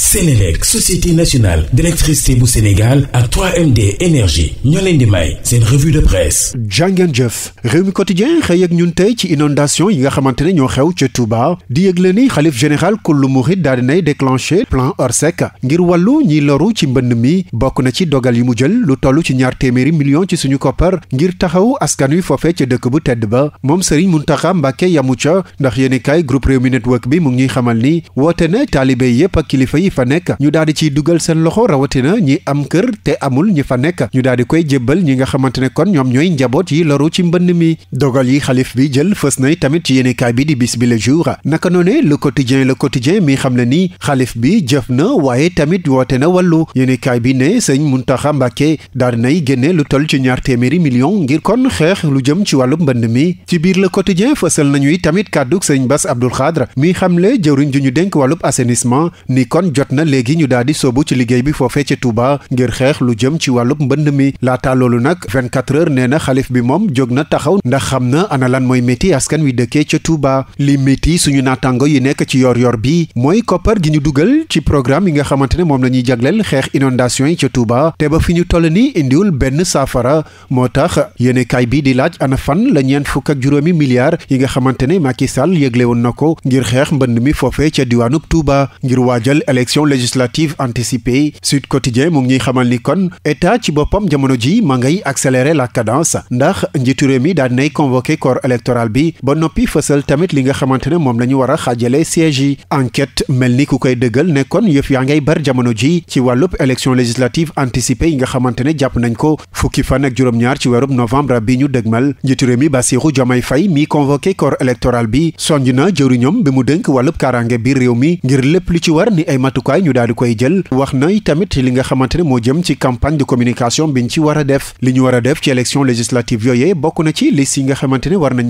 Sénélec société nationale d'électricité bu Sénégal ak 3MD énergie ñoo di may seen revue de presse jàngeen jëf réew mi quotidien xëy ak ñun tey ci inondation yi nga xamante ne ñoo xew ca Touba di yëgle ni xalif général kullu murid daal dinay déclenché plan Orsec ngir wàllu ñiy loru ci mbënn mi bokk na ci dogal yi mu jël lu toll ci ñaar téeméeri million ci suñu koppar ngir taxaw askan wi foofe ca dëkk bu tedd ba moom Serigne Mountakha Mbacké yamu ca ndax yéeni kaay groupe réew mi network bi mu ñuy xamal ni woote na taalibe yépp ak kilifa yi yi nekk ñu daal di ciy dugal seen loxo rawatina ñi am kër te amul ñi fa nekk ñu daal di koy jébbal ñi nga xamante ne kon ñoom ñooy njaboot yi loru ci mbënn mi dogal yi xalif bi jël fës nay tamit ci yéenekaay bi di bi le jour naka noone le quotidien le quotidien mi xam ne ni xalif bi jëf na waaye tamit woote na wallu yéenekaay bi ne sëñ Muntaxa Mbàkke daal di nay génne lu toll ci ñaar téeméeri million ngir kon xeex lu jëm ci wàllu mbënd mi ci biir le quotidien fësal nañuy tamit kàdduk sañ Bass Abdou Khadre mi xamle jëwriñ ju ñu dénk wàllub assainissement ni kon jot na léegi ñu daal di soobu ci liggéey bi foofee ca Touba ngir xeex lu jëm ci wàllub mbënd mi laataa loolu nag 24 heures nee na xalif bi moom jóg na taxaw ndax xam na ana lan mooy métti askan wi dëkkee ca Touba li métti suñu naataango yi nekk ci yor yoor bi mooy koppar gi ñu dugal ci programme yi nga xamante ne moom la ñuy jagleel xeex inondation yi ca Touba te ba fi ñu toll ni indiwul benn saafara moo tax yéene kaay bi di laaj ana fan la ñeent fukk ak juróomi milliards yi nga xamante ne Macky Sall yëgle woon na ko ngir xeex mbënd mi foofee ca diwaanub Touba ngir waajal élection législative anticipée Sud Quotidien mu ngi ñuy xamal ni kon état ci boppam jamono ji ma ngay accélérer la cadence ndax njiitu réew mi daan nay convoqué corps électoral bi ba noppi fësal tamit li nga xamante ne moom la ñu war a xaajale siège yi enquête mel ni ku koy dëggal ne kon yëf yaa ngay bar jamono ji ci wàllub élection législative anticipée yi nga xamante ne jàpp nañ ko fukki fan ak juróom-ñaar ci weerub novembre bi ñu dëgmal njiitu réew mi Bassirou Diomaye Faye mi convoqué corps électoral bi sonj na bi mu dénk wàllub kaaraange biir réew mi ngir lépp lu ci war ni ay matu matukaay ñu daal koy jël wax na tamit li nga xamante ne moo jëm ci campagne de communication biñ a def li ñu war a def ci élection législative yooyee bokk na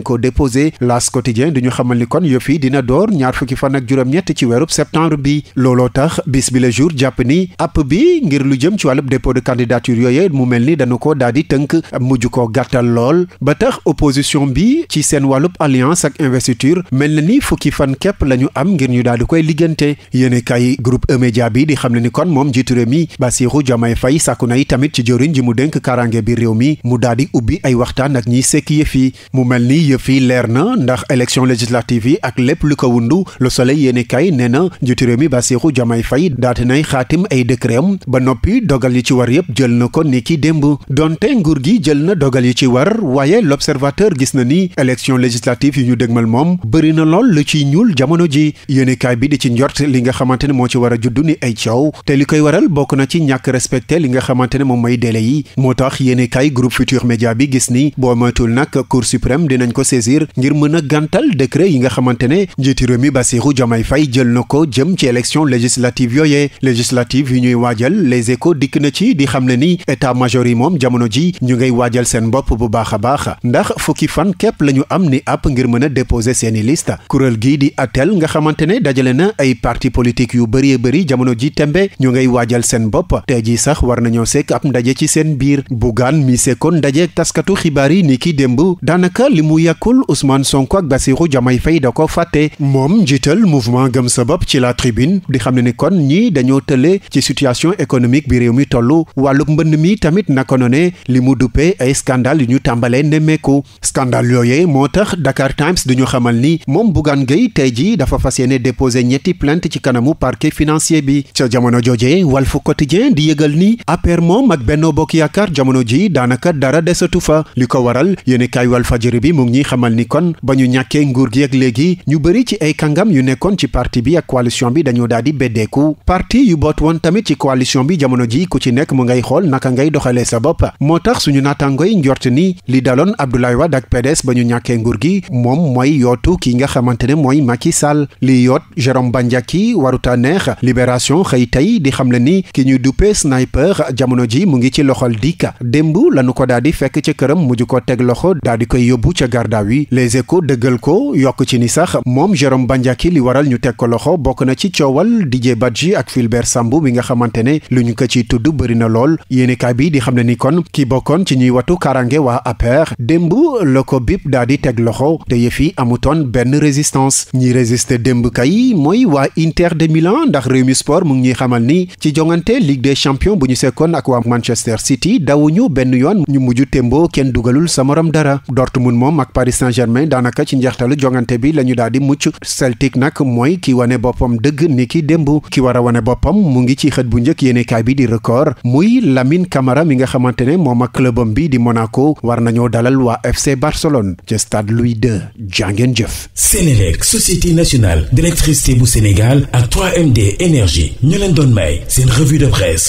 ko déposer las quotidien di ñu xamal ni kon yëf yi dina door ñaar fukki fan ak juróom-ñett ci weerub septembre bi looloo tax bis bi le jour jàpp ni app bi ngir lu jëm ci wàllub dépôt de candidature yooyee mu mel ni dañu ko daal di tënk mujj ko gàttal lool ba tax opposition bi ci seen wàllub alliance ak investiture mel na ni fukki fan képp la ñu am ngir ñu daal di koy liggante yéene groupe E-Media bi di xam ne ni kon moom njiitu réew mi Bassirou Diomaye Faye sàkku na yi tamit ci jëwriñ ji mu dénk kaaraange biir réew mi mu daal ubbi ay waxtaan ak ñiy sekk yëf yi mu mel ni yëf yi leer na ndax élection législative yi ak lépp lu ko wundu Le Soleil yéeni kay nee na njiitu réew mi Bassirou Diomaye fay daati nay xaatim ay décret am ba noppi dogal yi ci war yëpp jël na ko ni ki démb donte nguur gi jël na dogal yi ci war waaye L'Observateur gis na ni élection législative yi ñu dégmal moom bëri na lool lu ci war a juddu ni ay coow te li koy waral bokk na ci ñàkk respecté li nga xamante ne moom mooy délai yi moo tax yéene kay groupe Futur Média bi gis ni boo moytul nag cour suprême dinañ ko saisir ngir mën a gàntal yi nga xamante ne njiiti réew mi Bassirou Diomaye jël na ko jëm ci élection législative yooyee législative yu ñuy waajal les échos dikk na ci di xam ne ni état major yi moom jamono ji ñu ngay waajal seen bopp bu baax a baax ndax fukki fan képp la ñu a déposer seeni liste kuréel gii di atel nga xamante bëree bëri jamono ji tembe ñu ngay waajal seen bopp tey ji sax war nañoo sekk ab ndaje ci seen biir Bougane mi sekkoon ndaje taskatu xibaar yi ni ki démb daanaka li mu yàkkul Ousmane Sonko ak Bassirou Diomaye Faye da ko fàtte moom njiital mouvement gëm sa bopp ci la tribune di xam ne ni kon ñi dañoo tële ci situation économique bi réew mi toll wàllub mbënd mi tamit naka noone li mu duppee ay scandale yu ñu tàmbalee nemmeeku scandale yooyee moo tax Dakar financier bi ca jamono jooje Walf Quotidien di yëgal ni APR moom ak Benno Bokk Yaakaar jamono ji daanaka dara desatu fa li ko waral yéeni kaay Walf bi mu ngi ñuy xamal ni kon ba ñu ñàkkee nguur gi ak léegi ñu bëri ci ay kàngam yu nekkoon ci parti bi ak coalition bi dañoo daal di beddeeku parti yu boot woon tamit ci coalition bi jamono ji ku ci nekk mu ngay xool naka ngay doxalee sa bopp moo tax suñu naataango yi njort ni li daloon Abdoulaye Wade ak PDS ba ñu ñàkkee nguur gi moom mooy yootu ki nga xamante ne mooy Macky Sall li yoot Jérôme Bandiaky waruta neex xeex libération xëy tey di xam le ni ki ñuy duppee sniper jamono ji mu ngi ci loxol dikka démb lañu ko daal di fekk ca këram mujj ko teg loxo daal di koy yóbbu ca gardaaw yi les échos dëggal ko yokk ci ni sax moom Jérôme Bandiaky li waral ñu teg ko loxo bokk na ci coowal Didier Badji ak Fulbert Sambou bi nga xamante ne lu ñu ko ciy tudd bëri na lool yéenekaay bi di xam ne ni kon ki bokkoon ci ñuy watu karange waa APR démb la ko bip daal di teg loxo te yëf benn résistance ñi résister démb kay ndax Rewmi Sport mu ngi ñuy xamal ni ci jongante Ligue des champions bu ñu sekkoon ak waa Manchester City dawuñu benn yoon ñu mujj témboo kenn dugalul sa morom dara Dortmund moom ak Paris Saint-Germain daanaka ci njeextalu jongante bi la ñu daal di mucc Celtic nag mooy ki wane boppam dëgg ni ki démb ki war a wane boppam mu ngi ci xët bu njëkk yéenekaay bi di record muy Lamine kamara mi nga xamante ne moom ak clubam bi di Monaco war nañoo dalal waa FC Barcelone ca stade Louis II jàngeen jëf Sénélec société nationale d'électricité bu Sénégal énergie ñu leen doon may seen revue de presse